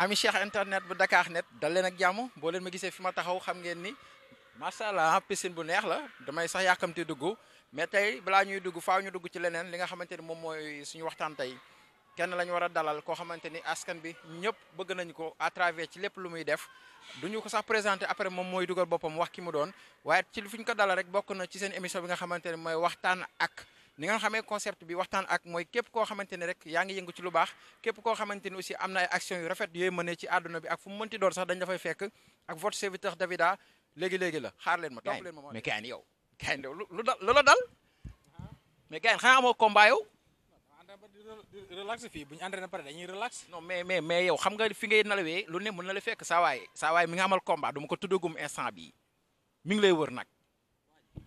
ami cheikh internet bu Dakar net dal leen ak jàmm boo leen ma gisee fi ma taxaw xam ngeen ni macha allah piscine bu neex la damay sax yàkkamti dugg mais tey balaa ñuy dugg faaw ñu dugg ci leneen li nga xamante ni moom mooy suñu waxtaan tey kenn lañ war a dalal koo xamante ni askan bi ñëpp bëgg nañ ko à travers ci lépp lu muy def duñu ko sax présenté après moom mooy dugal boppam wax ki mu doon waaye ci li fi ko dalal rek bokk na ci seen émission bi nga xamante ni mooy waxtaan ak. ni nga xamee concept bi waxtaan ak mooy képp koo xamante ne rek yaa ngi yëngu ci lu baax képp ko xamante ni aussi am na ay action yu rafet yooyu mënee ci àdduna bi ak fu mu mënti doon sax dañ dafay fekk ak votre serviteur Davida léegi léegi la xaar leen ma topp leen ma mais kaay yow kaay yow lu dal lu la dal mais kaay xanaa amoo combat yow relax fii bu ñu entraîné pare dañuy relax non mais mais mais yow xam nga fi ngay nalawee lu ne mën na la fekk saa waay saa waay mi nga amal combat du ma ko tuddagum instant bi mi ngi lay wër nag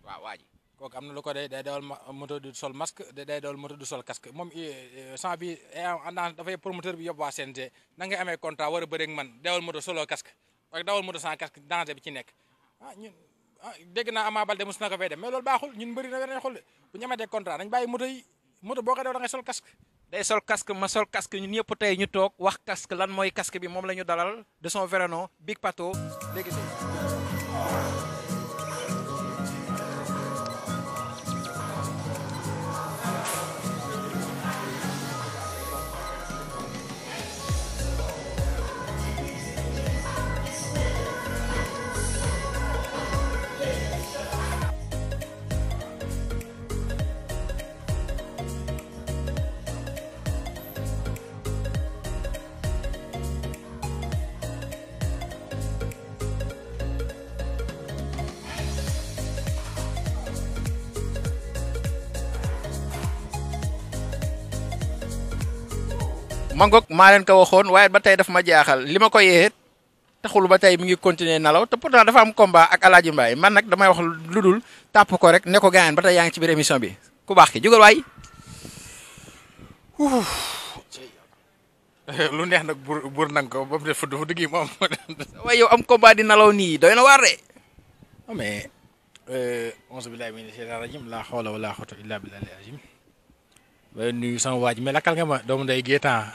waaw waa ji kooku am na lu ko day day dawal moto du sol masque day dawal moto du sol casque moom sans bi e, en dafay promoteur bi yóbbu waa CNG na ngay amee contrat war a bëri ak man dawal moto solo casque nekk ah, ah, na ko fay dem mais loolu baaxul ñun bëri na war nañ xool day sol casque ma sol casque ñun ñëpp tey ñu toog wax casque lan mooy casque bi moom la dalal de son vrai Big Pato mangoog maa leen ko waxoon waaye ba tey dafa ma jaaxal li ma ko yee taxul ba tey mi ngi continuer nalaw te pourtant dafa am combat ak Alaaji Mbaay man nag damay wax lu dul tàpp ko rek ne ko gaañaan ba tey yaa ngi ci biir émission bi ku baax ki jógal waay. lu neex nag bur bur na ko ba mu def dafa dugg moom. waaye yow am combat di nalaw nii doy na waar de. mais. Euh, auzu billaahi mina shaytaani rajiim laa hawla wa laa illaa billaahi al-aliyyil aziim ba nuyu sama waa ji mais lakkal nga ma doomu ndey Gaétan.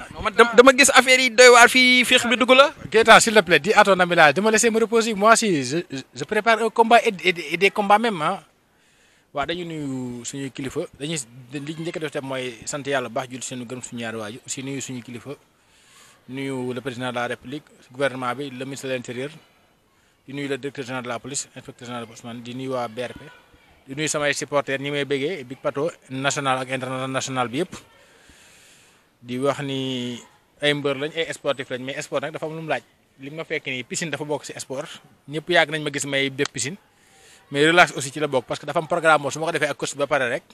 dama gis affaire yi doy waar fii féex bi dugg la. Gaétan s'il te plaît dis à ton ami là de me laisser me reposer moi aussi je prépare combat et et des combats même dañu nuyu suñuy kilifa dañuy li ñu njëkk def tam mooy sant yàlla baax jul seen gërëm suñu ñaari waaju aussi nuyu suñu kilifa nuyu le président de la république gouvernement bi le ministre de l'intérieur di nuyu le directeur général de la police inspecteur général de Ousmane di nuyu samay supporters ni may bëggee Big Pato national ak international bi yëpp di wax ni ay mbër lañ ay sportif lañ mais sport nag dafa am lu laaj li ma fekk nii piscine dafa bokk si sport ñëpp yàgg nañ ma gis may def piscine mais relax aussi ci la bokk parce que dafa am programme boo su ma ko defee ak coach ba pare rek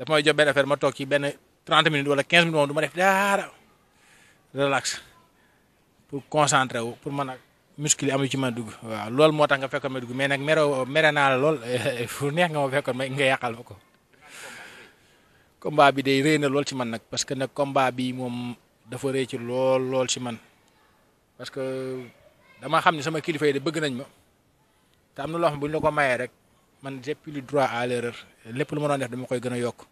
dafa may jox benn affaire ma toog ci benn 30 minutes wala 15 minutes moom du ma def dara relax pour concentrer wu pour mën muscle yi amu ci ma dugg waaw lool moo tax nga fekkoon ma dugg mais nag meroo mere naa la lool fu neex nga ma fekkoon ma nga yàqal ma ko. combat bi day rëy na lool ci man nag parce que nag combat bi moom dafa ci lool lool ci man parce que dama xam ne sama kilifa de bëgg nañ ma te na loo xam la ko mayee rek man j'ai plus le droit à lépp lu ma doon def dama koy gën a yokk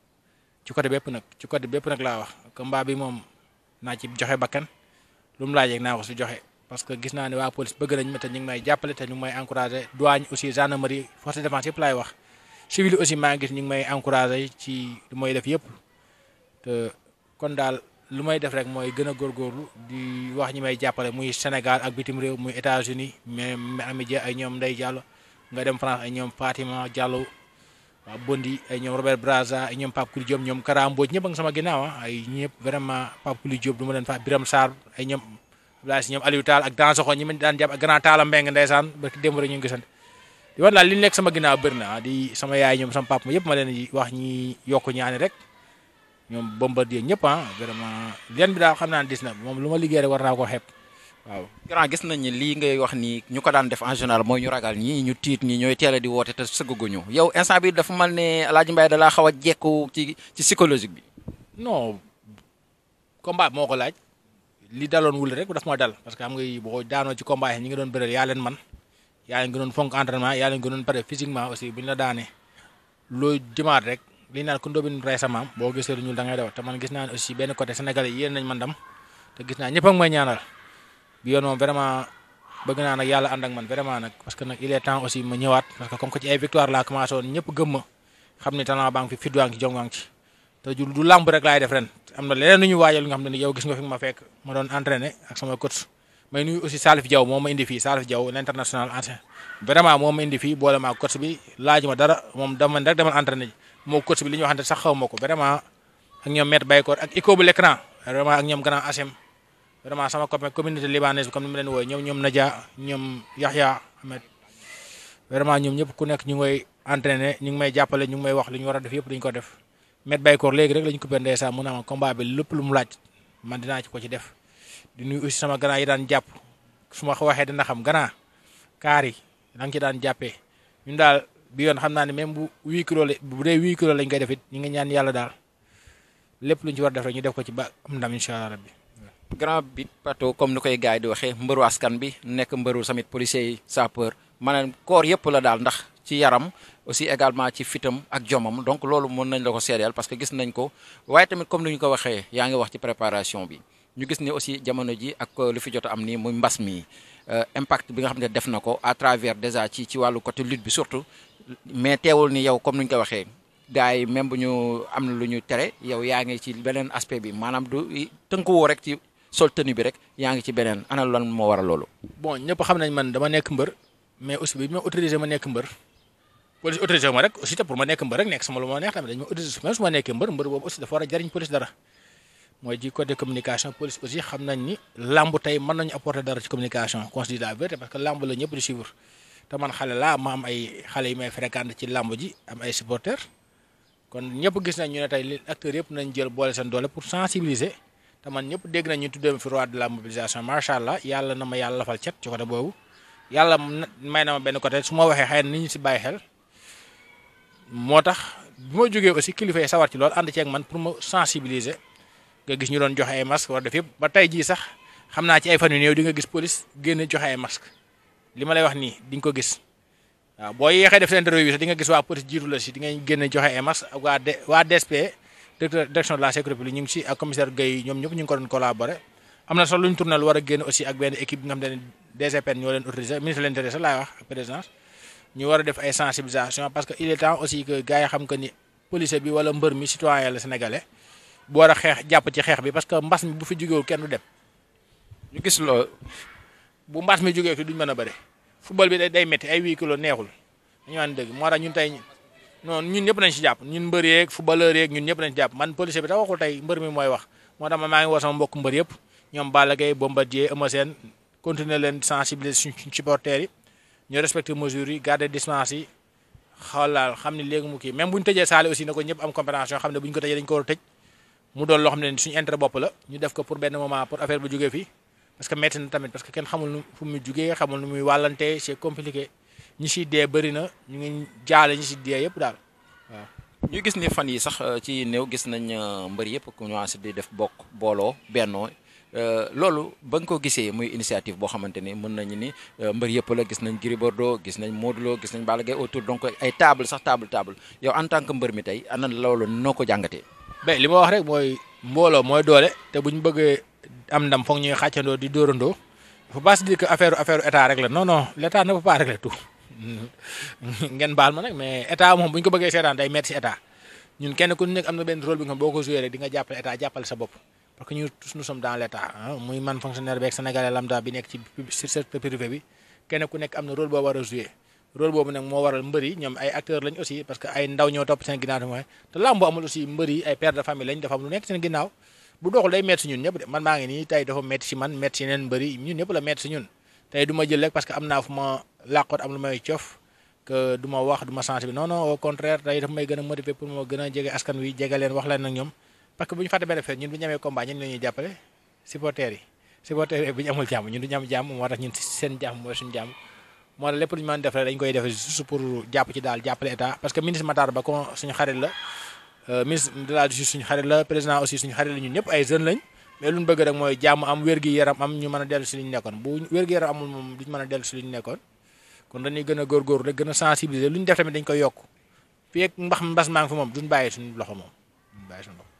ci côté bépp nag ci côté bépp nag laa wax combat bi moom naa ci joxe bakkan lu mu laajee naa ko si joxe. parce que gis naa ne waa police bëgg nañ ma te ñu ngi may jàppale te ñu ngi may encouragé douane aussi gendarmerie force de yëpp laay wax civil aussi maa ngi gis ñu ngi may encouragé ci lu def yëpp kon daal lu may def rek mooy gën a góorgóorlu di wax ñi may jàppale muy Sénégal ak bitim réew muy États-Unis mais Ami Dia ay ñoom Ndeye Diallo nga dem France ay ñoom Fatima Diallo waa Bondi ay ñoom Robert Braza ay ñoom Pape Kouly Diop ñoom Kara Mbodj sama ginnaaw ah. ay ñëpp vraiment Pape Kouly ma leen fa Biram Sarr ay ñoom. Abdoulaye si ñoom Aliou Tall ak Dansoxo ñi ma daan jàpp ak grand Talla Mbengue ndeysaan ba démb rek ñu ngi gisante di wan daal li nekk sama ginnaaw bëri ah, di sama yaay ñoom sama papa ma yëpp wax yokk ñaani rek ñoom bombardier ñëpp ah vraiment leen bi daal xam naa ne na moom lu ma liggéey rek war naa ko xeeb waaw nañ ni lii ngay wax ni ñu ko daan def en général mooy ñu ragal ñi ñu tiit ñi ñooy teel a di woote te sëgguñu yow instant bi dafa mel ne Alaaji Mbaye da laa xaw a jekku ci ci psychologique bi non combat moo ko laaj li daloon wul rek daf ma dal parce que xam nga boo daanoo ci combat yi ñi doon bëral yaa leen man yaa leen gënoon fonk entraînement yaa leen gënoon pare physiquement aussi bu ñu la daanee loo jëmaat rek li naan ku ndóobin rey sa maam boo gisee lu ñuul da ngay daw te man gis naa aussi benn côté Sénégal yéen nañ man dam te gis naa ñëpp ak may ñaanal bi yoon moom vraiment bëgg naa nag yàlla ànd ak man vraiment nag parce que nag il est temps te du du làmb rek laay def ren am na leneen lu ñu waajal nga xam ne yow gis nga fi ma fekk ma doon entraîné ak sama coach may nuyu aussi Salif Diaw moo ma indi fii Salif Diaw l'international ancien vraiment moo ma indi fii boole maa coach bi laaj ma dara moom dama rek demal entraîné ji moo coach bi li ñu waxante sax xaw ma ko vraiment ak ñoom maître Baykoor ak Iko bu l'écran vraiment ak ñoom grand HM vraiment sama copain communauté libanaise bi comme ni ma leen wooye ñoom ñoom Nadia ñoom Yahya Ahmed vraiment ñoom ñëpp ku nekk ñu ngi koy entraîné ñu ngi may jàppale ñu ngi may wax li ñu war a def yëpp dañu ko def met baykoor léegi rek lañ coupé ndeysaan mu ne combat bi lépp lu laaj man dinaa ci ko ci def di nu sama gannaaw yi daan jàpp su ma ko waxee dana xam gannaaw kaari yi da ci daan jàppee ñun daal bi yoon xam naa ne même bu huit kilos la bu dee huit kilos lañ koy def it ñu ngi ñaan yàlla daal lépp luñ ci war a def rek ñu def ko ci ba am ndam incha allah rabbi grand bi pato comme nu koy gars yi di waxee mbëru askan bi nekk mbëru samit policier yi sapeur maanaam koor yëpp la daal ndax ci yaram aussi également ci fitam ak jomam donc loolu mën nañ la ko seedeel parce que gis nañ ko waaye tamit comme ni ñu ko waxee yaa ngi wax ci préparation bi ñu gis ni aussi jamono ji ak euh, lu fi jot am nii muy mbas mi euh, impact bi nga xam ne def na ko à travers déjà ci ci wàllu côté lutte bi surtout mais teewul ni yow comme ni ñu ko waxee gars yi même bu ñu am na lu ñu tere yow yaa ngi ci beneen aspect bi maanaam du tënkuwoo rek ci sol tenue bi rek yaa ngi ci beneen ana lan moo waral loolu. bon ñëpp xam nañ dama nekk mbër mais aussi bi autorisé ma nekk mbër. police autorisé ma rek aussi te pour ma nekk mbër rek nekk sama lu ma neex tamit dañ ma autorisé même su ma nekkee mbër mbër boobu aussi dafa war a jariñ police dara mooy ji côté communication police aussi xam nañ ni lamb tey mën nañu apporter dara ci communication qu'on se dise la vérité parce que lamb la ñëpp di suivre te man xale laa ma am ay xale yu may fréquente ci lamb ji am ay supporters kon ñëpp gis nañ ñu ne tey li acteurs yëpp nañ jël boole seen doole pour sensibiliser te man ñëpp dégg nañ ñu tuddee fi roi de la mobilisation macha allah yàlla na ma yàlla lafal cet ci côté boobu yàlla may na ma benn côté su ma waxee xëy na ni ñu si bàyyi xel moo tax bi ma jógee aussi kilifa yi sawar ci lool ànd ceeg man pour ma sensibiliser nga gis ñu doon joxe ay masque war def yëpp ba tey jii sax xam naa ci ay fan yu néew di nga gis police génne joxe ay masque li ma lay wax nii di nga ko gis waaw boo yeexee def seen interview sax di nga gis waa police jiitu la si di nga joxe ay masque ak waa waa DSP direction de la sécurité publique ñu si ak commissaire Guèye ñoom ñëpp ñu ngi ko doon collaborer am a génn aussi ak benn ñu war a def ay sensibilisation parce que il est temps aussi que gars yi xam que ni police bi wala mbër mi citoyen la sénégalais bu war a xeex jàpp ci xeex bi parce que mbas mi bu fi jógewul kenn du dem ñu gis loolu bu mbaas mi jógee fi duñ mën a bëri football bi day métti ay huit kilos neexul dañu naan dëgg moo tax ñun tey non ñun ñëpp nañ si jàpp ñun mbër yeeg footballeur yeeg ñun ñëpp nañ si jàpp man policier bi tax waxul tey mbër mi mooy wax moo tax man maa ngi woo sama mbokk mbër yëpp ñoom Balla Gaye Bombardier Eumeu Sène continuer leen sensibiliser suñ supporters yi ñu respecté mesures yi garder distance yi xoolal xam ne léegi mu kii même bu ñu tëjee saali aussi na ko ñëpp am compréhension xam ne bu ko tëjee dañ ko war a tëj mu doon loo xam ne suñu intérêt bopp la ñu def ko pour benn moment pour affaire bu jógee fii parce que métti na tamit parce que kenn xamul nu fu muy jógee xamul nu muy wàllante c'est compliqué ñi si dee bëri na ñu ngi jaale ñi si dee yëpp daal waaw. ñu gis ni fan yi sax euh, ci néew gis nañ euh, mbër yëpp commencé di def bokk booloo bennoo Euh, loolu ba nga ko gisee muy initiative boo xamante ni mën nañu ni euh, mbër yëpp la gis nañ Gris Bordeaux gis nañ Modou Lo gis nañ Balla Gaye autour donc ay table sax table table yow en tant que mbër mi tey ana loolu noo ko jàngatee. mais li ma wax rek mooy mbooloo mooy doole te bu ñu bëggee am ndam foog ñuy xàccandoo di dóorandoo il faut pas se état rek la non l' état ne peut pas régler tout ngeen baal mais état moom bu ñu ko bëggee seetaan day metti si ñun kenn ku nekk am na benn rôle bi nga xam boo ko joué di nga jàppale état jàppale sa bopp. parce que ñu tous nous sommes dans l' état muy man fonctionnaire bi ak sénégalais lambda am na rôle boo war a joué rôle boobu nag moo waral mbër yi ñoom ay acteurs lañ aussi parce que ay ndaw ñoo topp seen ginnaaw mooy te lamb bu amul aussi mbër yi ay père de famille lañ dafa am lu nekk seen ginnaaw bu doxul day métti si ñun ñëpp de man maa ngi nii tey dafa métti si man métti si neen mbër ñun ñëpp la métti si ñun tey du jël rek parce que am naa fu ma làqoot am lu may cof que wax du ma sensibiliser non a motiver pour ma gën a jege askan wi jege leen wax leen nag ñoom parce que bu ñu fàtte benn affaire ñun bu ñu amee combat ñun la ñu amul jàmm ñun du ñu am jàmm moo tax ñun def rek dañ koy def juste pour ci daal jàppale parce que ministre Matar Ba kon suñu xarit la euh, président aussi suñu xarit ñu bëgg rek mooy jàmm am wér gi yaram am ñu mën si ñu nekkoon bu wér gi yaram amul moom duñ si li ñu nekkoon kon dañuy gën a góorgóorlu rek lu ñu def tamit dañ koy yokk fii ak mbax mbas maa fi moom duñ bàyyi suñ loxo moom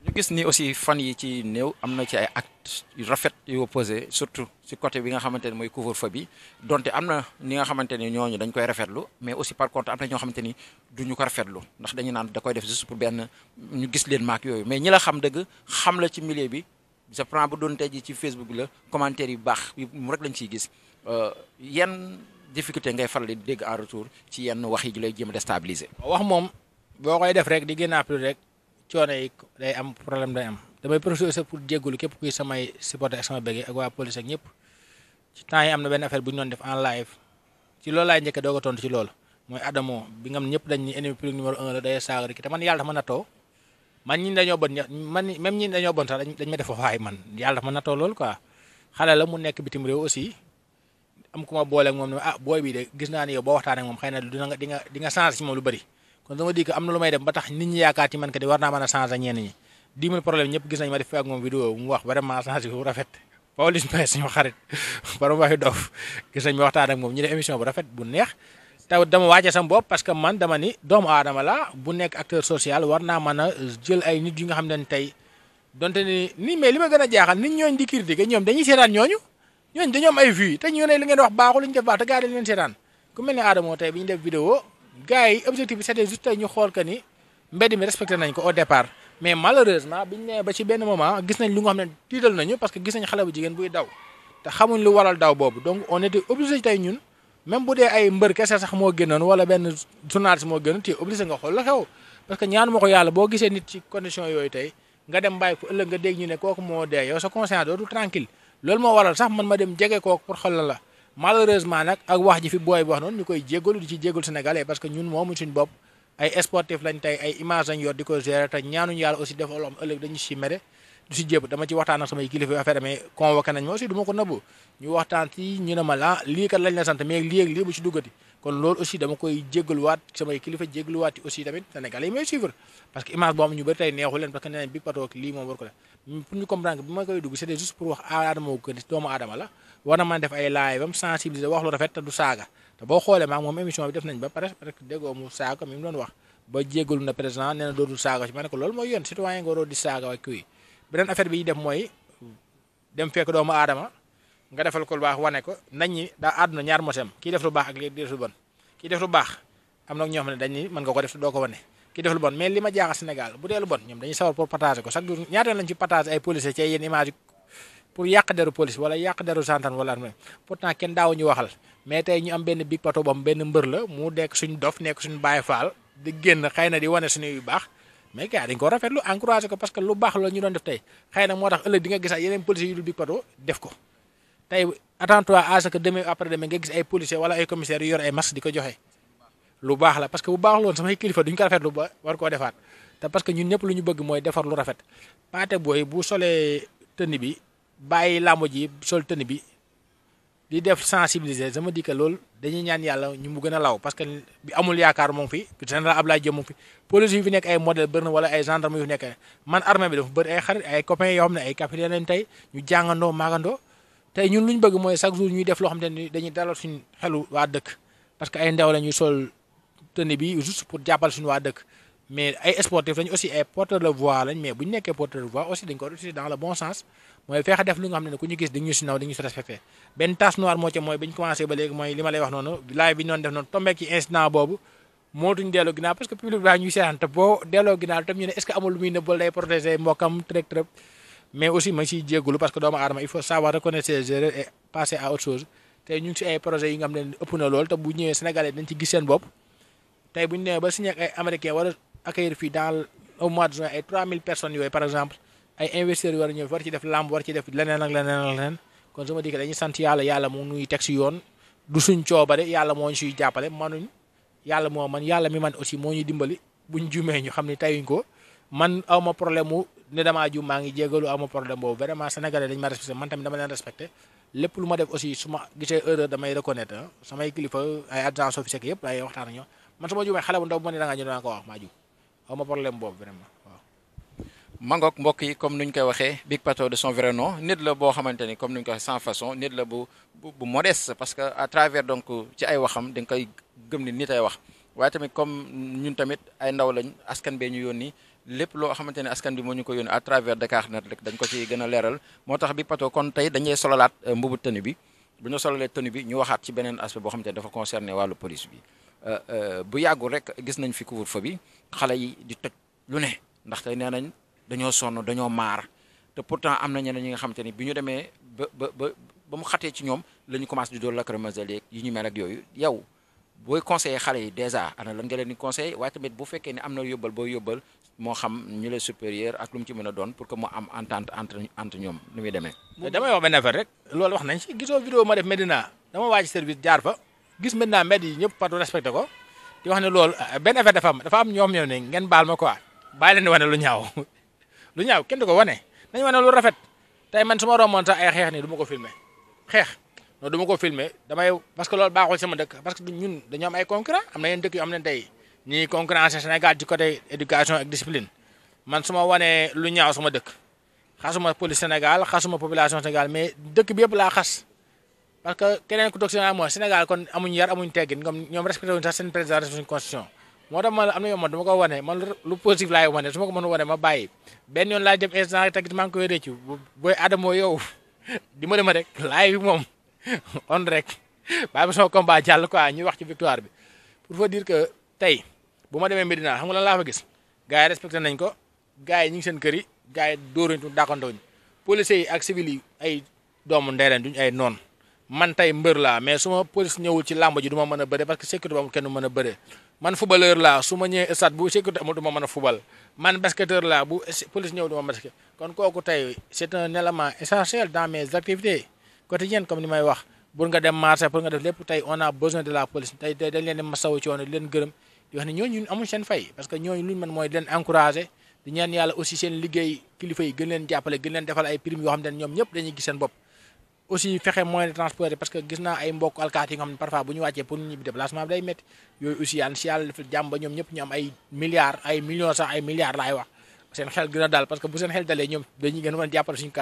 ñu gis ni aussi fan yi ci néew am na ci ay actes rafet yu posé surtout si coté bi nga xamante ne mooy couvre-feu bi donte am na ni nga xamante ni ñooñu dañ koy rafetlu mais aussi par contre am na ñoo xamante ni du ñu ko rafetlu ndax dañu naan da koy def juste pour benn ñu gis leen maak yooyu mais ñi la xam dëgg xam la ci millier bi je prends bu doon tey ji ci Facebook bi la commentaire yu baax yi mu rek lañ ciy gis euh, yan difficulté ngay faral di dégg en retour ci yenn wax yi lay jéem a coono yi day am problème day am damay profité aussi pour jéggulu képp kuy samay supporter ak sama bége ak waa police ak ñëpp ci temps yi am na benn affaire bu ñu doon def en live ci loolu laay njëkkee doog a tontu ci loolu mooy Adamo bi nga xam ñëpp dañ ni ennemi public numéro un la day saaga rek man yàlla dafa ma nattoo man ñi dañoo bon man même ñi sax dañ ma def waay man yàlla dafa ma nattoo loolu quoi xale la mu nekk bitim réew aussi am ku ma booleeg moom ne ah booy bi de gis naa ne yow boo waxtaanee moom xëy na dina nga di nga di nga changé ci lu bëri kon dama di am na lu may dem ba tax nit ñi yaakaar ci man que di war naa mën a changer ñenn ñi dix mille problème ñëpp gis nañ ma def fi moom vidéo mu wax vraiment ma waxtaan ak moom ñu def émission bu rafet bu neex taw dama wàcce sama bopp parce que man dama ni doomu aadama la bu nekk acteur social war naa man a jël ay nit yu nga xam ne tey donte ni ni mais li ma gën a jaaxal nit ñooñu di critiquer ñoom dañuy seetaan ñooñu ñooñu dañoo am ay vues te ñu ne li wax baaxul ñu def baax te gaa yi dañ leen seetaan ku bi gars yi objectif bi c'était juste tey ñu xool que ni mbedd mi respecté nañ ko au départ mais malheureusement biñ nee ba ci benn moment gis nañ lu nga xam ne tiital nañu parce que gis nañ xale bu jigéen buy daw te xamuñ lu waral daw boobu donc on était obligé tey ñun même bu dee ay mbër kese sax moo génnoon wala benn journaliste moo génnoon te obligé nga xool la xew parce que ñaanu ma ko yàlla boo gisee nit ci condition yooyu tey nga dem bàyyi ko ëllëg nga dégg ñu ne kooku moo dee yow sa waral sax man ma dem jege kooku pour xool la malheureusement nag ak wax ji fi booy bi wax noonu ñu koy jéggalu di ci jéggalu sénégalais parce que ñun moomu suñ bopp ay sportif lañ tey ay image lañ yor di ko gérer te ñaanuñu yàlla aussi am ëllëg dañu si mere du si jéb dama ma aussi du ma sant mais lii ak lii kon loolu aussi dama koy jéggaluwaat samay kilifa jéggaluwaat yi aussi tamit sénégalais yi may suivre parce que image boobu ñu bëri tey neexu leen parce que nee nañ Big Pato ak lii moom war ko def pour ñu comprendre que bi ma koy dugg c'était juste pour wax aadama wu kër doomu aadama la war a mën def ay laay bam sensibiliser wax lu rafet te du saaga te boo xoolee maag moom émission bi def nañ ba pare parce que déggoo mu saaga mi mu doon wax ba jéggalu na président nee na dootul saaga ci ma ne ko loolu mooy yoon citoyen nga waroo di saaga ak kuy beneen affaire bi ñu def mooy dem fekk doomu aadama nga defal ko lu baax wane ko nañ ñi daa àdduna ñaar mosem kii def lu baax ak li def kii def lu am na ñoo dañ ni mën nga ko def doo ko wane ki def lu bon mais li ma jaaxal Sénégal bu dee lu bon ñoom dañuy sawar pour partager ko chaque jour ñaata lañ ci partager ay policiers ci yenn image pour yàq deru police wala yàq deru gendarme wala armée kenn daawu waxal mais tey ñu am benn big bato bam benn mbër la mu nekk suñ dof nekk suñ bàyyi faal di génn xëy na di wane suñu yu baax mais gars dañ ko rafetlu encouragé ko parce que lu baax la ñu doon def tey xëy na moo tax ëllëg di nga gisaat yeneen lu baax la parce que bu baaxul woon samay kilifa duñ ko rafetlu ba war koo defaat te parce que ñun ñëpp lu ñu bëgg mooy defar lu rafet paate booy bu solee tënn bi bàyyi làmb ji sol tënn bi di def sensibiliser sama di loolu dañuy ñaan yàlla ñu mu gën a law parce que bi amul yaakaar moom fi général Abdoulaye Diop moom fi police yu fi nekk ay modèle bëri na wala ay gendarme yu fi nekk man armée bi dafa bëri ay xarit ay copains yoo ne ay capitaine leen tey ñu jàngandoo maagandoo lu ñu bëgg mooy chaque jour ñuy def loo xam te ne dañuy tenue bi juste pour jàppal suñu waa dëkk mais ay sportifs lañ aussi ay porteurs de voix lañ mais bu nekkee porteur de voix aussi dañ ko utiliser dans le bon sens mooy fexe def lu nga xam ne ku ñu gis dañ ñu si naw dañ ñu si respecté benn tache noire moo ca mooy bi ñu ba léegi mooy li ma wax noonu live bi ñu def noonu tombé ci incident boobu mootuñ delloo ginnaaw parce que public baa ñuy seetaan boo delloo ginnaaw tam ñu ñu ne tey bu dee demee ba signé ak ay war a accueillir fii dans au mois de juin ay 3000 personnes yooyu par exemple ay investisseurs war a ñëw war ci def làmb war ci def leneen ak leneen ak leneen kon su dikkee dañuy sant yàlla yàlla mu nuy teg si yoon du suñ coobare yàlla moo ñu siy jàppale manuñ yàlla moo man yàlla mi man aussi moo ñuy dimbali buñ jumee ñu xam ne tayuñ ko man aw ma problème mu ne damaa jum maa ngi jégalu aw ma problème boobu vraiment sénégalais dañ ma respecté man dama leen respecté lépp lu ma def su ma gisee erreur damay reconnaître ah. samay kilifa ay agents yëpp ay waxtaan ñoo man su ma juumee xale bu ndaw bu ma ne da ngaa ñu naa ko wax maa ju ma problème boobu vraiment waaw. Mangok mbokk yi comme ñu koy waxee Big Pato de son vrai nom nit la boo xamante ni comme nuñ koy waxee sans façon nit la bu parce que à travers donc ci ay waxam da koy gëm ni nit wax waaye tamit comme ñun tamit ay ndaw lañ askan bee ñu yónni lépp loo xamante ne askan moo ñu ko yónni à travers Dakarnet rek ci gën leeral moo tax Big Pato kon tey dañuy sololaat euh, mbubu tenue bi bu ñu sololee tenue bi ñu waxaat ci beneen aspect boo xamante ne dafa concerné wàllu police bi. Euh, euh, bu yàggul rek gis nañ fi couvre-feu bi xale yi di toj lu ne ndaxte nee nañ dañoo sonn dañoo maar te pourtant am na ñeneen ñi xam xamante ni bu ñu demee ba ba ba ba mu xatee ci ñoom la ñu commencé di doon lacrymogène yi ñu mel ak yooyu yow booy conseiller xale yi déjà ana lan nga leen di conseiller waaye tamit bu fekkee ne am na yóbbal booy yóbbal moo xam ñu le ak lu mu ci mën a doon pour que mu am entente entre entre ñoom ni muy jaar fa. gis naa mbedd yi ñëpp partout respecté ko di wax ne loolu ah, benn affaire dafa am dafa am ñoom ñoom ne ngeen baal ma quoi bàyyi leen di wane lu ñaaw lu ñaaw kenn du ko wane nañ wane lu rafet tey man su ma romoon sax ay xeex nii du ma ko filmer xeex non ma ko filmer damay parce que loolu baaxul sama dëkk parce que ñun dañoo am ay concurrent am na yeneen dëkk yu am ne tey ñuy concurrence Sénégal ci côté éducation ak discipline man su ma wanee lu ñaaw sama dëkk xasuma police Sénégal xasuma population Sénégal mais dëkk bi yëpp laa xas parce que keneen ku toog si mooy Sénégal kon amuñu yar amuñu teggin comme ñoom respecté wuñu sax seen président respecté suñu moo tax man am na yoo xam dama ko wane man lu positif laay wane ma ko mën a wane ma bàyyi benn yoon laa ma rek laay moom on rek bàyyi ma sama combat jàll quoi ñuy wax ci victoire bi pour vous dire que tey bu ma demee Medina xam nga lan laa fa gis gars yi nañ ko gars yi ñu ngi seen kër yi gars yi dóoruñu dàqantewuñu policiers yi ak civils yi ay doomu ndey duñ ay noon man tey mbër laa mais su ma police ñëwul ci làmb ji du ma mën a bëre parce que sécurité bu amul kenn mën a bëre man footballeur laa su ma ñëwee bu sécurité amul mën a football man basketteur laa bu police ñëwul du ma kon kooku tey c'est un élément essentiel dans mes activités quotidiennes comme ni may wax pour nga dem marché pour nga def lépp tey on a besoin de la police tey tey dañ leen di masawu coono leen gërëm di wax ne ñooñu amuñ seen fay parce aussi fexe moyen de transport parce que gis naa ay mbokk alkaati yi nga xam ne parfois bu ñu wàccee pour ñibbi déplacement bi day métti yooyu aussi yaan si yàlla dafa jàmm ba ñoom ñëpp ñu am ay milliards ay millions sax ay milliards laay wax seen xel gën daal parce que bu seen xel dalee ñoom dañuy gën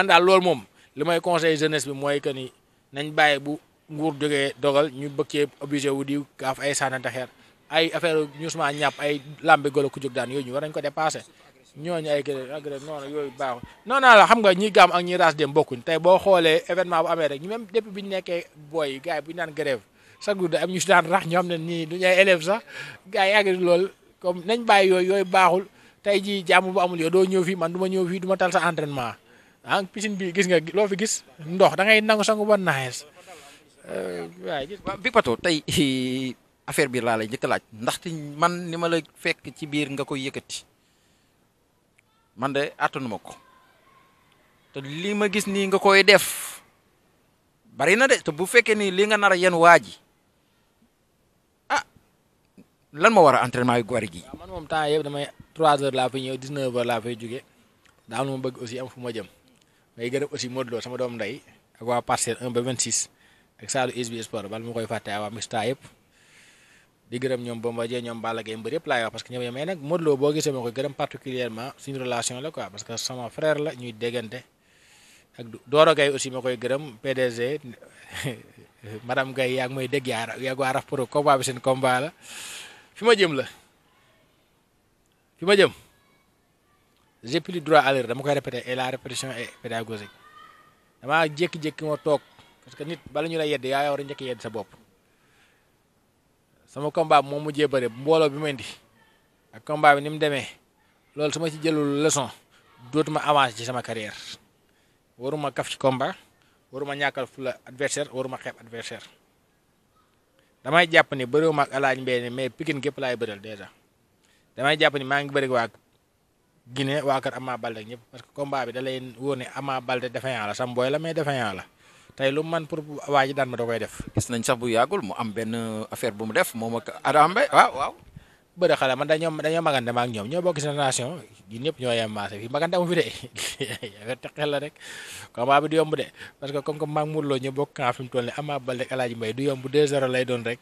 a daal loolu moom li may conseil jeunesse bi mooy que ni nañ bàyyi bu nguur jógee dogal ñu bëggee obligé wu di gaaf ay sànnante xeer ay affaire ñusuma ñàpp ay lambe golo ku jóg daan yooyu ñu ñooñu ay gré agré ah, noonu yooyu baaxul non non la xam nga ñi gaam ak ñi raas dem bokkuñ tey boo xoolee événement bu amee rek ñu même depuis bi ñu nekkee booy yi gars yi bu ñu daan grève chaque jour da am ñu si daan rax ñoo xam ne nii duñu ay élève sax gars yi agri lool comme nañ bàyyi yooyu yooyu baaxul tey ji jàmm bu amul yow doo ñëw fii man du ñëw fii duma tal sa entraînement ah piscine bi gis nga loo fi gis ndox dangay ngay nangu sangu ba naaxees euh, waaye gis waaw Big Pato tey affaire bi laa lay njëkk ndaxte man ni ma la fekk ci biir nga koy yëkkati man de attanuma ko te lii ma gis nii nga koy def bari na de te bu fekkee ni li nga nar a yenn waa ji ah lan ma war a entraînement yu bari gi. man moom temps yëpp damay 3 heures laa fay ñëw 19 heures laa fay jóge daal ma bëgg aussi am fu ma jëm may gërëm aussi Modou Lo sama doom ndey ak waa parcelle 1 ba 26 ak saalu SB Sport bal ma koy fàtte waa Mista yëpp. di gërëm ñoom Bombardier ñoom Balla Gaye mbër yëpp laay wax parce que ñoom yemee nag Modou Lo boo ma ko gërëm particulièrement suñu relation la quoi parce que sama frère la ñuy déggante ak Doro Gaye aussi ma koy gërëm PDG madame Gaye yaa ngi mooy dégg yaa raf pour combat bi seen combat la fi ma jëm la fi ma jëm j'ai plus droit à l'erreur dama koy répéter et la répétition et pédagogique damaa jékki-jékki ma toog parce que nit bala ñu lay yedd yaa war a njëkk yedd sa bopp sama combat bi moo mujjee bëri mbooloo bi ma indi ak combat bi ni mu demee loolu suma ci jëlul leçon dootuma avancer ci sama carrière waruma kaf ci combat waruma ñàkkal fu la adversaire waruma xeeb adversaire damay jàpp ni bëriwuma ak alaaj mbéy mais Pikine gépp laay bëreel déjà damay jàpp ni maa ngi bëri waa Guinée waa kër Ama Balde ñëpp parce que combat bi da lay wóor Balde défaillant la sam booy la mais défaillant la tey lu man pour waa ji daan ma da koy def. gis nañ sax bu yàggul mu am benn affaire bu mu def moom ak Adam Mbaye waaw waaw. bëri xale man dañoo dañoo magante ma ak ñoom ñoo bokk génération yi ñëpp ñoo yem maase fi magante amu fi de affaire te xel la rek combat bi du yomb de parce que comme que maag Modou Lo bokk kan fi mu toll nii Ama Baldé ak du yomb 2-0 lay doon rek.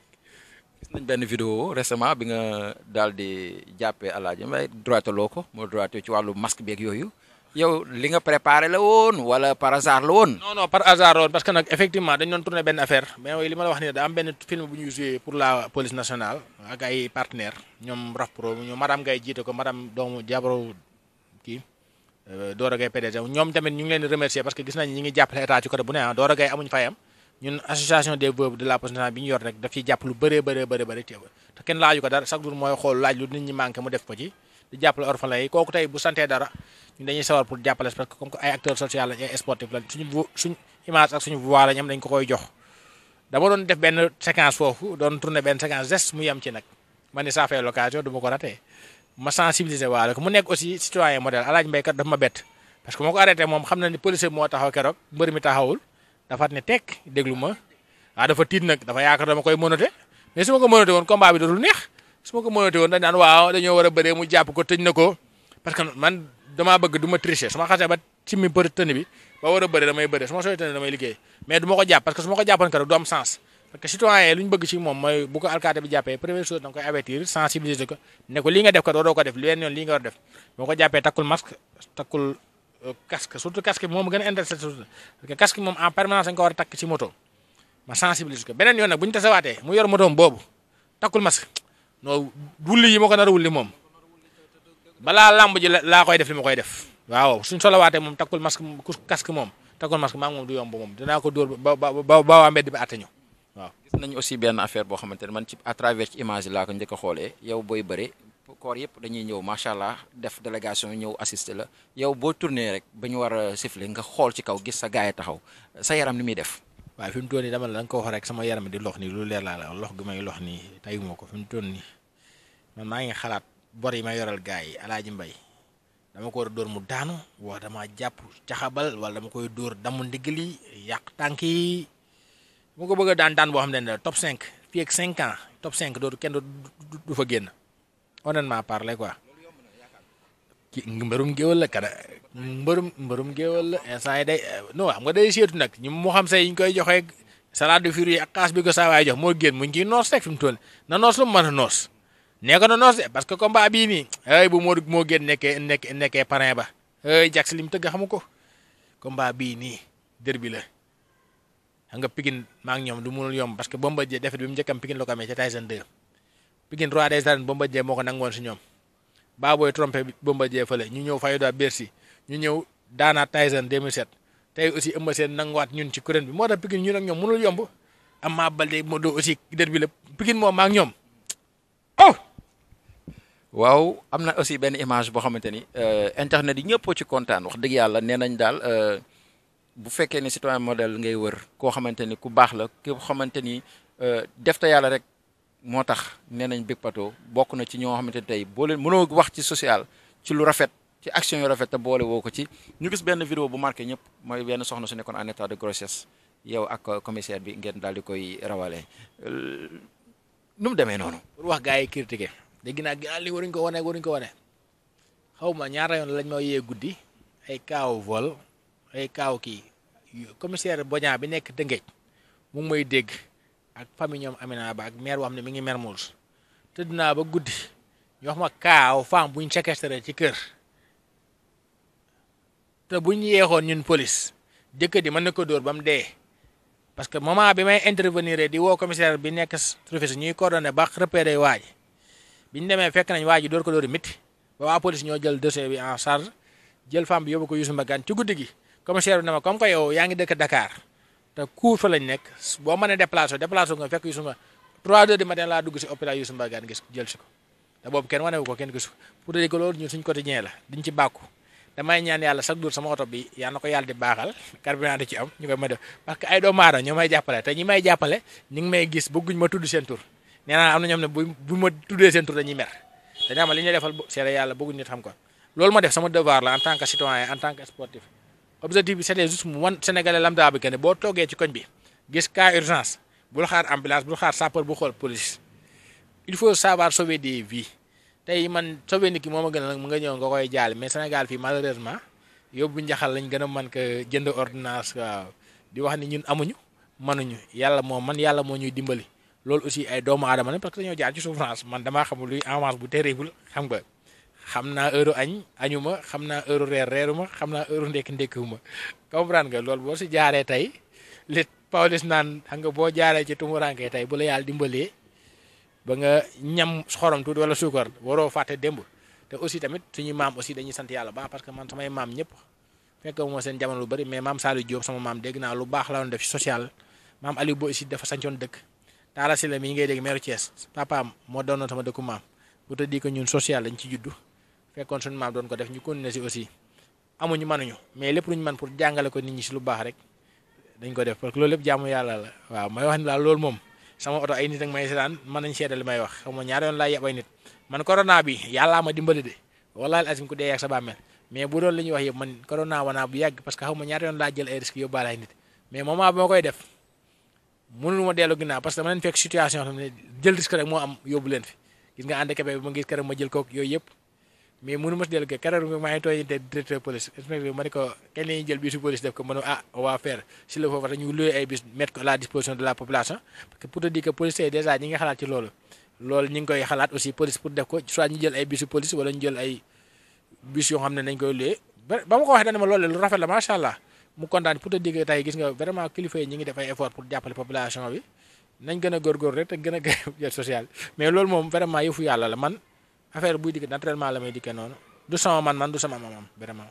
gis nañ benn vidéo récemment bi nga daal di jàppee El Hadj Mbaye droite loo ko moo droite ci wàllu masque beeg yooyu. yow li nga préparé la woon wala par hasard la woon. non non par hasard la woon parce que nag effectivement dañ doon tourné benn affaire mais li ma wax nii da am benn film bu ñuy joué pour la police nationale ak ay partenaires ñoom Raf Pro ñoom madame Gaye jiite ko madame doomu Diabro kii. Euh, Dora Gaye PDG ñoom tamit ñu ngi leen di remercier parce que gis nañ ñi ngi jàppale état ci côté bu ne ah Dora Gaye amuñ fayam ñun association des veuves de la police nationale bi ñu ci di jàppale orphelin yi kooku tey bu santee dara ñun dañuy sawar pour jàppale parce que comme que ay acteurs sociaux lañ ay image ak suñu voix lañ dañ ko jox dama doon def benn séquence foofu doon tourner benn séquence geste mu yem ci nag ma ne ça fait l'occasion du ma ko raté ma sensibiliser waale ko mu nekk aussi citoyen modèle alaaj mbéykat daf ma bett parce que moo ko arrêté moom xam na ni policier moo taxaw keroog mbër mi taxawul dafa ne tekk déglu su ma ko mënatee woon dañ naan waaw dañoo war a bëree mu jàpp ko tëj na ko parce que man damaa bëgg du ma tricher su ma xasee ba simmi për tëni ba war a bëree damay bëree su ma sooy tëni damay liggéey mais du ko jàpp parce que su ma ko jàppoon keroog du am sens parce que citoyen yi lu ñu bëgg ci ko moom a intéressé surtout parce moom en permanence dañ ko war a takk ci moto ma sensibiliser ko beneen yoon nag bu ñu tasawaatee mu yor motoom boobu takkul masque non wulli yi ma ko nar a wulli moom balaa làmb ji laa koy def li ma koy def waaw suñ solawaatee moom takkul masque ku moom takkul masque maa moom du yomb moom dinaa ko dóor ba ba ba waa mbedd bi àtte ñu waaw. gis nañu aussi benn affaire boo xamante ne man ci à travers ci image laa ko njëkk xoolee yow booy bëre koor yëpp dañuy ñëw macha allah def délégation ñëw assister la yow boo tourné rek ba ñu war a sifle nga xool ci kaw gis sa gaay taxaw sa yaram ni muy def. waaye fi mu toll nii dama la ko wax rek sama yaram di lox nii lu leer laa la lox gi may lox nii tey ko fi mu toll nii man maa ngi xalaat bor yi may yoral gars yi alaaji mbay dama ko war dóor mu daanu wax dama jàpp caxabal wala dama koy dóor damu ndigal yi yàq tànk yi mu ko bëggee daan daan boo xam ne ne top 5 fii ak 5 ans top 5 dootu kenn du fa génn honnêtement parler quoi. mbërum géwal la kada mbërum mbërum géwal la instant yi day non xam nga day seetu nag ñu mu xam say yi ñu koy joxee salade de fruits yi ak xaas bi ko saa waay jox moo génn mu ngi ciy noos rek fi mu toll na noos lu mu mën a noos nee na noos de parce que combat bii nii ay bu moo moo génn nekk nekkee ba ay li mu tëgg xamu ko combat bii nii derby la xam nga ñoom du munul yomb parce que Bombardier defet bi mu njëkkam Pikine la ko amee ca Tyson 2 Pikine roi des arènes Bombardier moo ko nangoon si ñoom Baboy trompé Bombardier fële ñu ñëw Fayda Bercy ñu ñëw daanaat Tyson 2007 tey aussi Eumeu Sène nanguwaat ñun ci kuréel bi moo tax Pikine ñu ak ñoom mënul yomb Ama Baldé Modou Lô aussi dër bi la Pikine moom maa ñoom oh. waaw am na aussi benn image boo xamante ni euh, internet yi ñëpp ci kontaan wax dëgg yàlla nee nañ daal euh, bu fekkee ni citoyen modèle ngay wër koo xamante ni ku baax la koo xamante ni euh, def ta yàlla rek. moo tax nee nañ Big Pato bokk na ci ñoo xamante ne tey boo leen mënoo wax ci social ci lu rafet ci action yu rafet te boole woo ko ci ñu gis benn vidéo bu marqué ñëpp mooy benn soxna su nekkoon en état de grossesse yow ak commissaire bi ngeen daal di koy rawale nu mu demee noonu. pour wax gars yi critiqué dégg naa ginnaaw li waruñ ko wane waruñ ko wane xawma ma ñaata yoon lañ ma yee guddi ay kaaw vol ay kaaw kii commissaire Boña bi nekk Dëngéej mu ngi may dégg. ak famille ñoom Amina Ba ak maire boo xam ne mi ngi Mermoz tëdd naa ba guddi ñu wax ma kaaw femme buñ séquestré ci kër te buñ yeexoon ñun police jëkkër di mën na ko dóor ba mu dee parce que moment bi may intervenir di woo commissaire bi nekk Rufisque ñuy coordonné ba repéré waa bi ñu demee fekk nañ waa ji dóor ko dóor mit ba waa police ñoo jël dossier bi en charge jël femme bi yóbbu ko Youssou Mbagan ci guddi gi commissaire bi ne ma comme que yow yaa ngi dëkk dakaar te kuur fa lañ nekk boo mënee déplacé déplacé nga fekk Youssou nga 3 heures du matin laa dugg si hôpital Youssou Mbargane gis jël si ko te boobu kenn wane wu ko kenn gisu pour dire que loolu ñun suñ quotidien la diñ ci bàkku damay ñaan yàlla chaque jour sama oto bi yàlla na ko yàlla di baaxal carburant ci am ñu koy ma def parce ay doomu aadama ñoo may jàppale te ñi may jàppale ñu may gis bëgguñ ma tudd seen tur nee naa am na ñoom ne bu bu ma tuddee seen tur dañuy loolu ma def sama objective bi c'était juste mu wan sénégalais lambda bi que ne boo toogee ci koñ bi gis cas urgence bul xaar ambulance bul xaar sapeur bu xool police il faut savoir sauver des vies tey man sauver nit ki moom a gën a mu nga ñëw nga koy jaal mais Sénégal fii malheureusement yóbbu njaxal lañ gën a man ko jënd ordonnance di wax ni ñun amuñu mënuñu yàlla moo man yàlla moo ñuy dimbali loolu aussi ay doomu aadama ne parce que dañoo jaar ci souffrance man damaa xamul luy avance bu terrible xam nga. xam naa heure añ añu ma xam naa heure reer reeru ma xam naa heure ndekki ndekkiwu ma comprendre nga loolu boo si jaaree tey li Pawlish naan xam nga boo jaaree ci tumuraanke tey bu la yàlla dimbalee ba nga ñam xorom tuuti wala suukar waroo fàtte démb te aussi tamit suñuy maam aussi dañuy sant yàlla baax parce que man samay maam ñëpp fekk moo seen jamono lu mais maam Saliou Diop sama maam dégg naa lu baax la doon def ci social maam Aliou Bo aussi dafa sancoon dëkk Talla Sylla mi ñu ngay dégg meeru Thiès papaam moo doonoon sama dëkku maam bu tëddee ko ñun social lañ ci juddu fekkoon suñu maam doon ko def ñu continuer si aussi amuñu mënuñu mais lépp luñu man pour jàngale ko nit ñi si lu baax rek dañ ko def parce que loolu lépp jaamu yàlla la waaw may wax ni daal loolu moom sama oto ay nit ak may nañ seetal li may wax xam nga ñaari yoon laay yeb ay nit man corona bi yàllaa ma dimbali de walaal asim ku dee ak sa bàmmeel mais bu doon li ñuy wax yëpp man corona wanaa bu yàgg parce que xam nga ñaari yoon laa jël ay risques yóbbaale ay koy def mënul ma dellu ginnaaw que dama leen fekk situation xam leen fi gis nga ànd kebe ma jël kook yooyu yëpp mais mënu ma si dellu kër keroog maa ngi tooñante directeur police inspecteur ma ne ko kañ la ñuy jël bisu police def ko ma ne ah on va faire si le foofu ñu loué ay bis mettre ko à la ñu koy xalaat aussi police pour def jël ay bisu police wala ñu jël ay bis yoo xam ne nañ koy loué ba ba ma ko waxee dana ma loolu lu rafet la macha allah mu kontaan pour te dire que tey gis nga vraiment kilifa yi ngi def ay effort pour jàppale population bi nañ gën a góorgóorlu rek te gën a gën mais loolu moom vraiment yëfu yàlla la man affaire buy dikkee naturellement la may dikkee noonu du sama man man du sama mamam vraiment.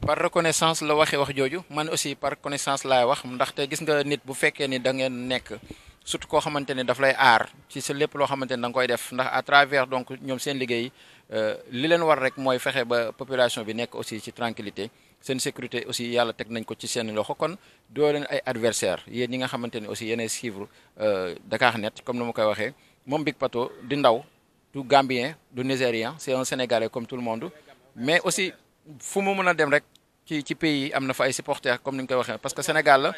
par reconnaissance la waxee wax jooju man aussi par connaissance laay wax ndaxte gis nga nit bu fekkee ni da ngeen nekk. surtout koo xamante ne daf lay aar ci sa lépp loo xamante ne da nga koy def ndax à travers donc ñoom seen liggéey euh, li leen war rek mooy fexe ba population bi nekk aussi ci tranquillité seen sécurité aussi yàlla teg nañ ko ci seen loxo kon doo leen ay adversaire yéen ñi nga xamante ne aussi yéenay suivre euh, Dakarnet comme ni ma koy waxee moom Big Pato di ndaw du Gambien du Nigérian c'est un Sénégalais comme tout le monde mais aussi fu mu mën a dem rek ci ci pays am na fa ay supporters comme ni ñu koy waxee parce que Sénégal la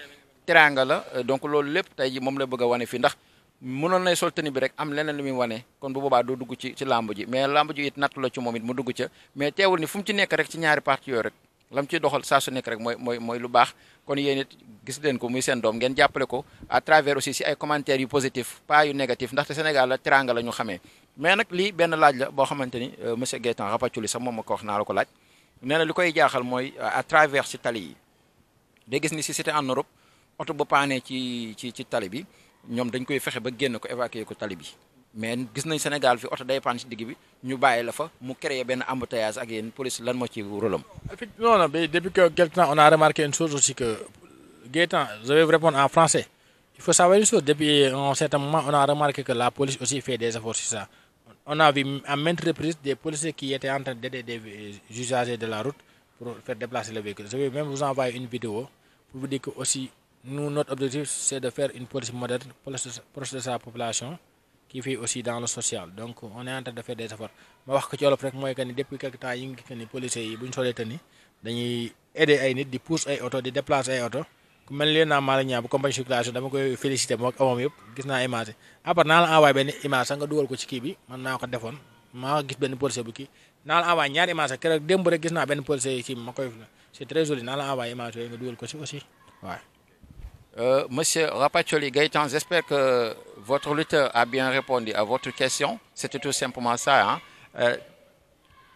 teranga la euh, loolu lépp tey ji moom la bëgg a fii ndax mënoon nay sol tenue bi am leneen lu muy wane kon bu boobaa doo dugg ci ci làmb ji mais làmb ji it la ci moom it mu dugg ca ni fu mu ci nekk rek ci ñaari parti yooyu rek lam ciy mooy mooy mooy lu baax gis leen ko muy seen doom ngeen jàppale ko à ay commentaires yu positif pas yu négatif ndaxte Sénégal la teranga ñu xamee mais nag lii benn laaj la boo xamante ni euh, monsieur Gaëtan Rapathiouli sax moom ma ko wax naa la ko laaj nee na li koy jaaxal mooy euh, à travers ci tali yi day gis ni si c'était en Europe oto ba paanee ci ci ci tali bi ñoom dañ koy fexe ba génn ko évacuer ko tali bi mais gis nañ Sénégal fi oto day paan ci digg bi ñu bàyyi la fa mu créer benn embouteillage ak yéen police lan moo ci rôlam non non depuis que quelque temps on a remarqué une chose aussi que Gaëtan je vais vous répondre a la police aussi fait des efforts sur ça on a à maintes reprises des policiers qui étaient en train d'aider des usagers de la route pour faire déplacer le véhicule. Je vais même vous envoyer une vidéo pour vous aussi nous objectif c'est de faire une police moderne proche de sa population qui fait aussi dans le social donc on est en de faire des efforts ma wax ko ci rek mooy que depuis quelque temps yi ngi gis que yi bu ñu ni dañuy aider ay nit di pousse ay oto di déplacer ay oto ku mel ni naa Malick Niang bu compagnie circulation dama koy félicité moom ak amam yëpp gis naa image après naa la envoyé benn image nga dugal ko ci kii bi man naa ko defoon maa gis benn policier bu kii naa la envoyé ñaari image sax démb rek gis naa benn policier kii bi ma koy c'est très joli naa la envoyé image yooyu nga dugal ko ci aussi waaw. Euh, Monsieur Rapacholi Gaëtan, j'espère que votre lutteur a bien répondu à votre question. C'était tout simplement ça.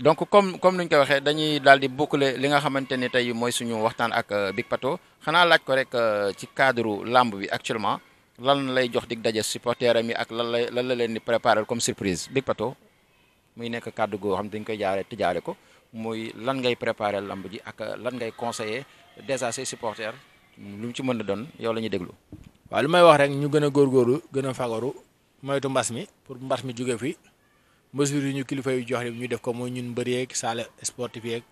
donc comme comme nuñ ko waxee dañuy daal di boucler li nga xamante ni tey mooy suñu waxtaan ak euh, Big Pato xanaa laaj ko rek euh, ci cadre làmb bi actuellement lan lay jox dig daje supporter am yi ak lan lay lan la leen di préparer comme surprise Big Pato muy nekk kàddu goo xam dañ koy jaare tijaare ko muy lan ngay préparer làmb ji ak euh, lan ngay conseiller déjà say supporter lu mu ci mën a doon yow la ñuy déglu. waaw lu may wax rek ñu gën a góorgóorlu gën mi pour fi. mesure yu ñu kilifa yu jox li ñu def ko mooy ñun mbëri yeeg salle sportive yeeg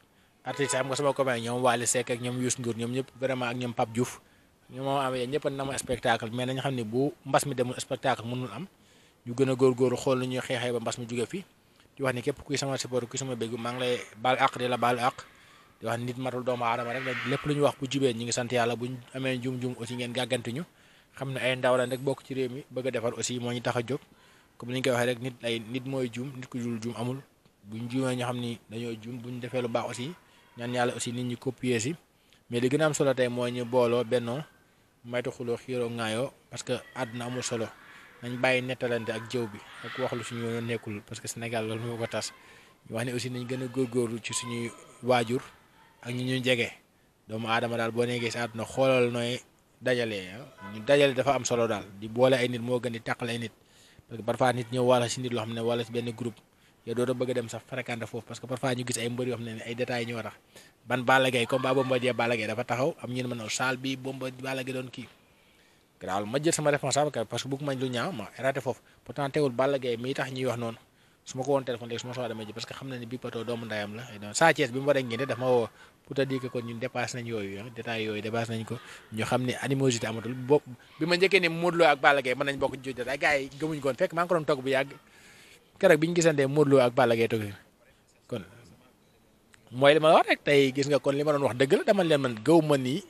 artistes am nga sama copain ñoom Wally Seck ak ñoom Youssou Ndour ñoom ñëpp vraiment ak ñoom Pape Diouf ñoom moom amee ñëpp a namu spectacle mais nañu xam ne bu mbas mi demul spectacle mënul am ñu gën a góorgóorlu xool nu ñuy xeexee ba mbas mi jóge fi di wax ni képp kuy sama support kuy sama bégg maa ngi lay baal àq la baal àq di wax nit matul doomu aadama lépp lu ñu wax bu jubee ñi ngi sant yàlla buñ amee jum jum aussi ngeen gàgganti ñu xam ne ay ndaw lañ rek bokk ci réew mi bëgg a defar aussi moo ñu tax a jóg comme ni ñu koy waxee rek nit ay nit mooy juum nit ku dul juum amul buñ juumee ñu xam ni dañoo juum buñ defee lu baax aussi ñan yàlla aussi nit ñu copier si mais li gën a am solo tey mooy ñu booloo bennoo maytu xuloo xiiroo ŋaayoo parce que àdduna amul solo nañ bàyyi nettalante ak jëw bi ak wax lu suñu ñu nekkul parce que Sénégal loolu moo ko tas wax ne aussi nañ gën a góor góorgóorlu ci suñuy waajur ak ñi ñu jege doomu aadama daal boo nekkee si àdduna xoolal nooy dajale ah. ñu dajale dafa am solo daal di boole ay nit moo gën di tàqale nit parce que parfois nit ñëw wala si nit loo xam ne wala si benn groupe yow dootoo bëgg a dem sax fréquenté foofu parce que parfois ñu gis ay mbër yoo xam ne ay détails ñoo tax ban Balla Gaye combat Bombardier Balla Gaye dafa taxaw am ñu ne ma saal bi Bombardier Balla Gaye doon kii garaawul ma jël sama responsable parce que bu mañ lu ñaaw ma raté foofu pourtant teewul Balla Gaye mii tax ñuy wax noonu su ma ko woon téléphone léegi su ma soxlaa damay ji parce que xam na ne bi Pato doomu ndayam la donc Sa Thiès bi mu war a ngénte daf ma woo pour te dire que kon ñun nañ yooyu détails yooyu dépassé nañ ko ñu xam ne animosité amatul bopp bi ma njëkkee ne Modou ak Balla mën nañ bokk ci jotaay gars yi gëmuñ fekk maa ngi doon togg bu yàgg keroog bi ñu gisantee Modou ak Balla togg kon mooy li ma wax rek tey gis nga kon li ma doon wax dëg la dama leen man gëw ma ni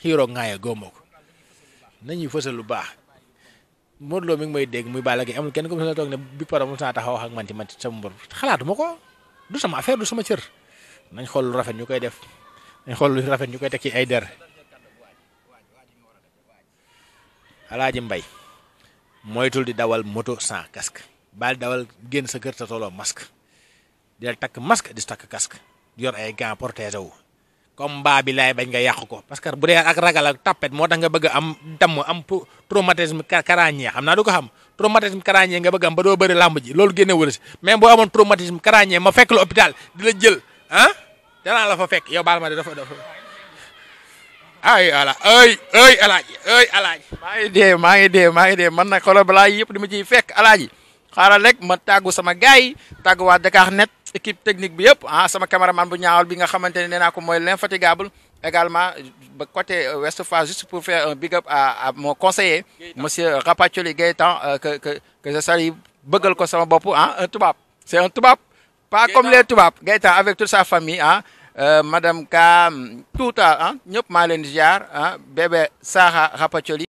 xiiroo ŋaaya gëw ma ko nañuy fësal lu baax Modou Lo mi ngi may dégg muy Balla Gaye amul kenn ku ne toog ne bi pare mos naa taxaw wax ak man ci man sama mbër xalaatu ko du sama affaire du sama cër nañ xool lu rafet ñu koy def nañ xool lu rafet ñu koy teg ci ay der. Alaaji Mbay moytul di dawal moto sans casque baal dawal génn sa kër sa tooloo mask dina takk masque di takk casque yor ay gants protégé wu. combat bi laay bañ nga yàq ko parce que bu dee ak ragal ak tapet moo tax nga bëgg am damm am traumatisme karaañee xam naa du ko xam traumatisme karaañee nga bëgg am ba doo bëri ji loolu génne wala si boo amoon traumatisme karaañee ma fekk la hôpital di la jël ah danaa la fa fekk yow baal ma de dafa dafa ay ala ay ay alaaji ay alaaji maa ngi dee maa ngi dee maa ngi dee man nag xolo balaa yëpp di ma ciy fekk alaaji xaaral rek ma tàggu sama gars équipe technique bi yëpp ah sama caméraman bu ñaawal bi nga xamante ne nee naa ko mooy l'infatigable également ba côté Ouest euh, Foire juste pour faire un big up à mon conseiller monsieur Rapathioli Gaëtan euh, que que que je bëggal ko sama bopp ah un tubaab c'est un tubaab pas comme les tubaab Gaëtan avec toute sa famille ah euh, madame Ka tout ah ñëpp maa leen ziar ah bébé Sara Rapathioli